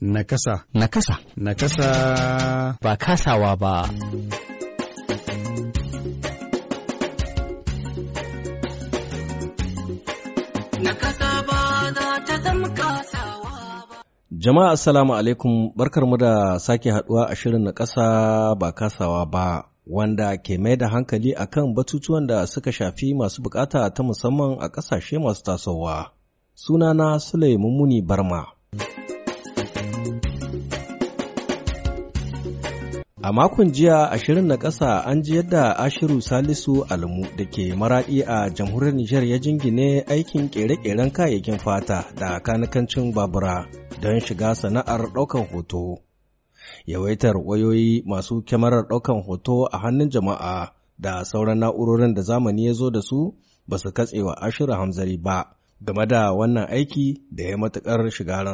Nakasa. Nakasa. Nakasa. Ba kasawa ba. Jama'a Assalamu alaikum barkarmu da sake haduwa a shirin na ba kasawa ba wanda ke mai da hankali a kan batutuwan da suka shafi masu bukata ta musamman a ƙasashe masu tasowa. Sunana Sulaimun Muni Barma. A makon jiya a shirin na ƙasa an ji yadda Ashiru Salisu Alamu da ke maraɗi a jamhuriyar Nijar ya jingine aikin ƙere-ƙeren kayayyakin fata da kanikancin babura don shiga sana'ar ɗaukan hoto. Yawaitar wayoyi masu kyamarar ɗaukan hoto a hannun jama'a da sauran na'urorin da zamani ya zo da su ba su katse wa Ashiru Hamzari ba game da wannan aiki da ya matuƙar shiga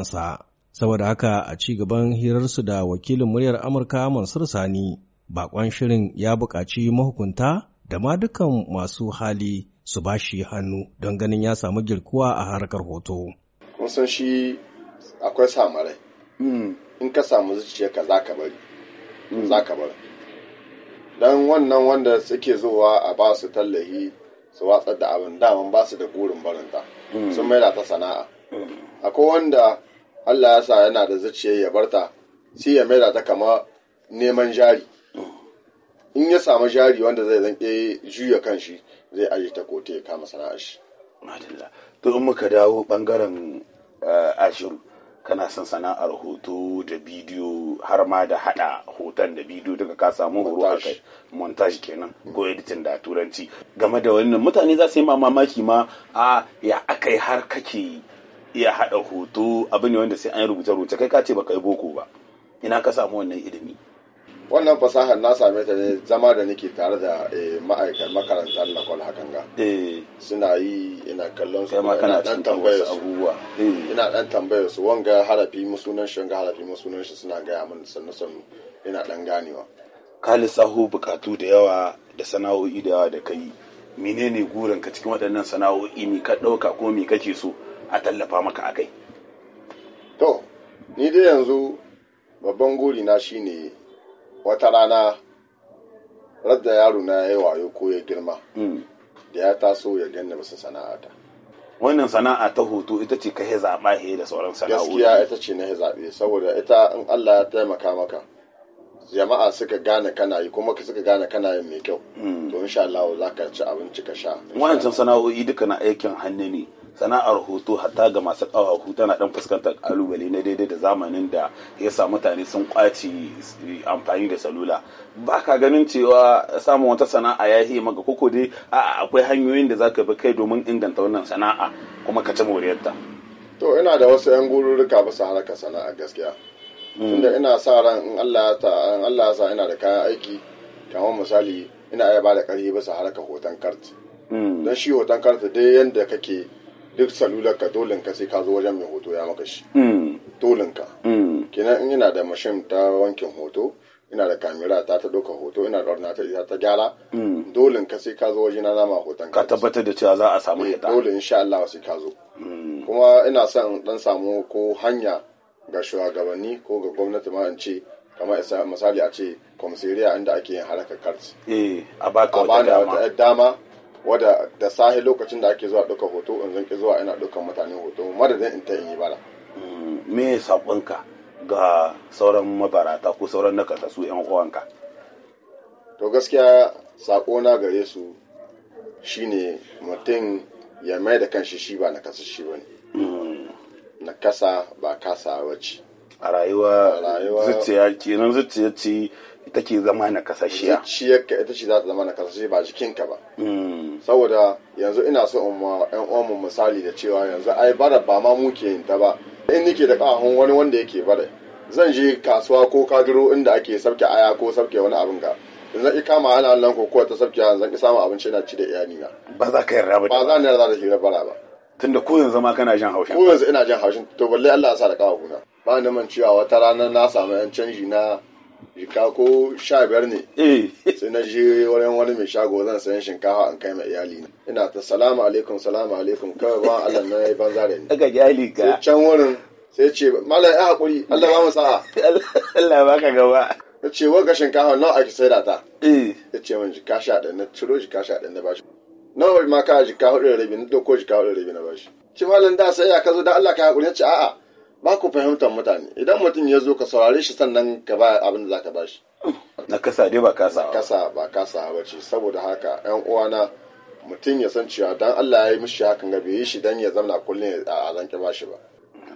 saboda haka a ci gaban hirarsu da wakilin muryar amurka mansur sani bakon shirin ya buƙaci mahukunta da ma dukan masu hali su ba shi hannu don ganin ya samu girkuwa a harkar hoto san shi akwai samarai hmm. in ka samu zuciyarka za ka bari hmm. za ka bari don wannan wanda suke zuwa a ba su tallahi su watsar da abin daman ba su da gurin barinta hmm. sun maida ta sana'a akwai wanda Allah ya sa yana da zuciya ya barta sai ya maida ta kama neman jari in ya samu jari wanda zai zanke juya kan shi zai aje ta kote ya kama sana'ar shi to in muka dawo ɓangaren eh, ashiru kana son sana'ar hoto da bidiyo har ma da hada hoton da bidiyo daga ka samu horo a kai montage kenan ko editing da turanci game da wannan mutane za su yi mamaki ma a ah, ya akai har kake iya haɗa hoto abin ne wanda sai an rubuce rubuce kai ka ce baka yi boko ba ina ka samu wannan ilimi wannan fasahar na same ta ne zama da nake tare da eh, ma'aikatan makaranta na kwal hakan ga eh. suna yi ina kallon su ina dan tambaye su abubuwa eh. ina dan tambaye su wanga harafi sunan shi wanga harafi sunan shi suna gaya min sannu sannu ina dan ganewa ka lissaho bukatu da yawa da sana'o'i da yawa da kai menene gurin ka cikin waɗannan sana'o'i mi ka ɗauka ko mi kake so a tallafa maka a kai to ni dai yanzu babban guri na shine wata rana radda yaro na ya wayo ko ya girma hmm. da ya taso ya ganna masa sana'a ta wannan sana'a ta hoto ita ce ka he zaɓa he da sauran sana'o'i gaskiya ita ce na he zaɓe saboda ita in Allah ya taimaka maka jama'a suka gane kana yi kuma suka gane kana yin mai kyau hmm. to insha Allah za ka ci abinci ka sha wannan sana'o'i duka na aikin hannu ne sana'ar hoto hatta ga masu ƙafafu tana dan fuskantar kalubale na daidai da zamanin da ya sa mutane sun kwaci amfani da salula ba ka ganin cewa samun wata sana'a ya yi maka koko dai a akwai hanyoyin da zaka bi kai domin inganta wannan sana'a kuma ka ci moriyarta to ina da wasu yan gururuka ba sa harkar sana'a gaskiya hmm. tunda ina sa ran in Allah ta in Allah sa ina da kayan aiki kamar misali ina iya ba da ƙarfi bisa harkar hoton kart hmm. don shi hoton kart dai yanda kake duk salular ka dolin ka sai ka zo wajen mai hoto ya maka shi mm. dolin ka mm. kenan in yana da mashin ta wankin hoto ina da kamera ta ta ɗauka hoto ina da ordina ta ta gyara mm. dolin ka sai ka zo wajen na zama hoton ka tabbatar da cewa za a samu hita eh, dole insha Allah sai ka zo kuma ina son dan samu ko hanya ga shugabanni ko ga gwamnati ma in ce kamar misali a ce komisariya inda ake yin harakar karti eh, a baka wata dama wadda da sahi lokacin da ake zuwa dukkan hoto in zan ki zuwa ina dukkan mutane hoto madadin in ta in yi bara. Mm, me saƙonka ga sauran mabarata ko sauran su yan uwanka to gaskiya saƙona gare su shine mutum ya mai da kanshi shi ba nakasa shi ba ne mm. nakasa ba kasa wace a rayuwa zuciya kenan zuciya ce ita ce zama na kasashiya zuciyarka ita ce za ta zama na kasashiya ba jikinka ba hmm. saboda yanzu ina so in ma yan uwanmu misali da cewa yanzu ai bara ba ma mu ke yin ta ba in nike da kahon wani wanda yake bara zan je kasuwa ko kadiro inda ake sabke aya ko sabke wani abin ga zan yi kama ana nan kokowa ta sabke zan ki samu abinci na ci da iyali na ba za ka yarda ba ba za ni yarda da ke bara ba tunda ko yanzu ma kana jin haushin ko yanzu ina jin haushin to balle Allah ya sa da kawo na ba ni man cewa wata rana na samu yan canji na jika ko sha biyar ne eh. sai na je wani wani mai shago zan sayan shinkafa an kai mai iyali na ina ta salamu alaikum salamu alaikum kawai ba Allah na yi banza da ni daga iyali ka. sai can wurin sai ce mala ya haƙuri Allah ba mu sa'a Allah ba ka gaba ta ce wanka shinkafa nawa ake saida ta ta eh. ce min jika sha ɗan na ciro jika sha ɗan na shi. nawa ma ka jika hudu da rabi na doko jika hudu da rabi na ba shi. ce malam da sai ya ka zo da Allah ka hakuri ya ce a'a ba ku fahimtar mutane idan mutum ya zo ka saurare shi sannan ka ba abin da za ka ba shi na kasa dai ba kasa kasa ba kasa ba ce saboda haka yan uwana mutum ya san cewa dan Allah ya yi mishi hakan ga bai yi shi dan ya zamna kullum a zanke ba shi ba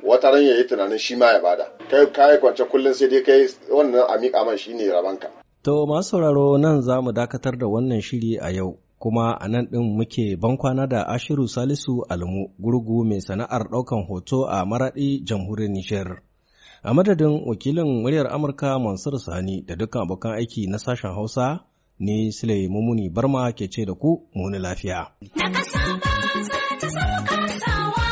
wata ran ya yi tunanin shi ma ya bada kai kai kwance kullum sai dai kai wannan amika man shi shine rabanka to masu sauraro nan za mu dakatar da wannan shiri a yau kuma a nan ɗin muke bankwana da ashiru salisu almu gurgu mai sana'ar ɗaukan hoto a maraɗi jamhuriyar nijar a madadin wakilin muryar amurka mansur sani da dukkan abokan aiki na sashen hausa ni sule mumuni barma ke ce da ku muni lafiya. Na ta sauka sawa.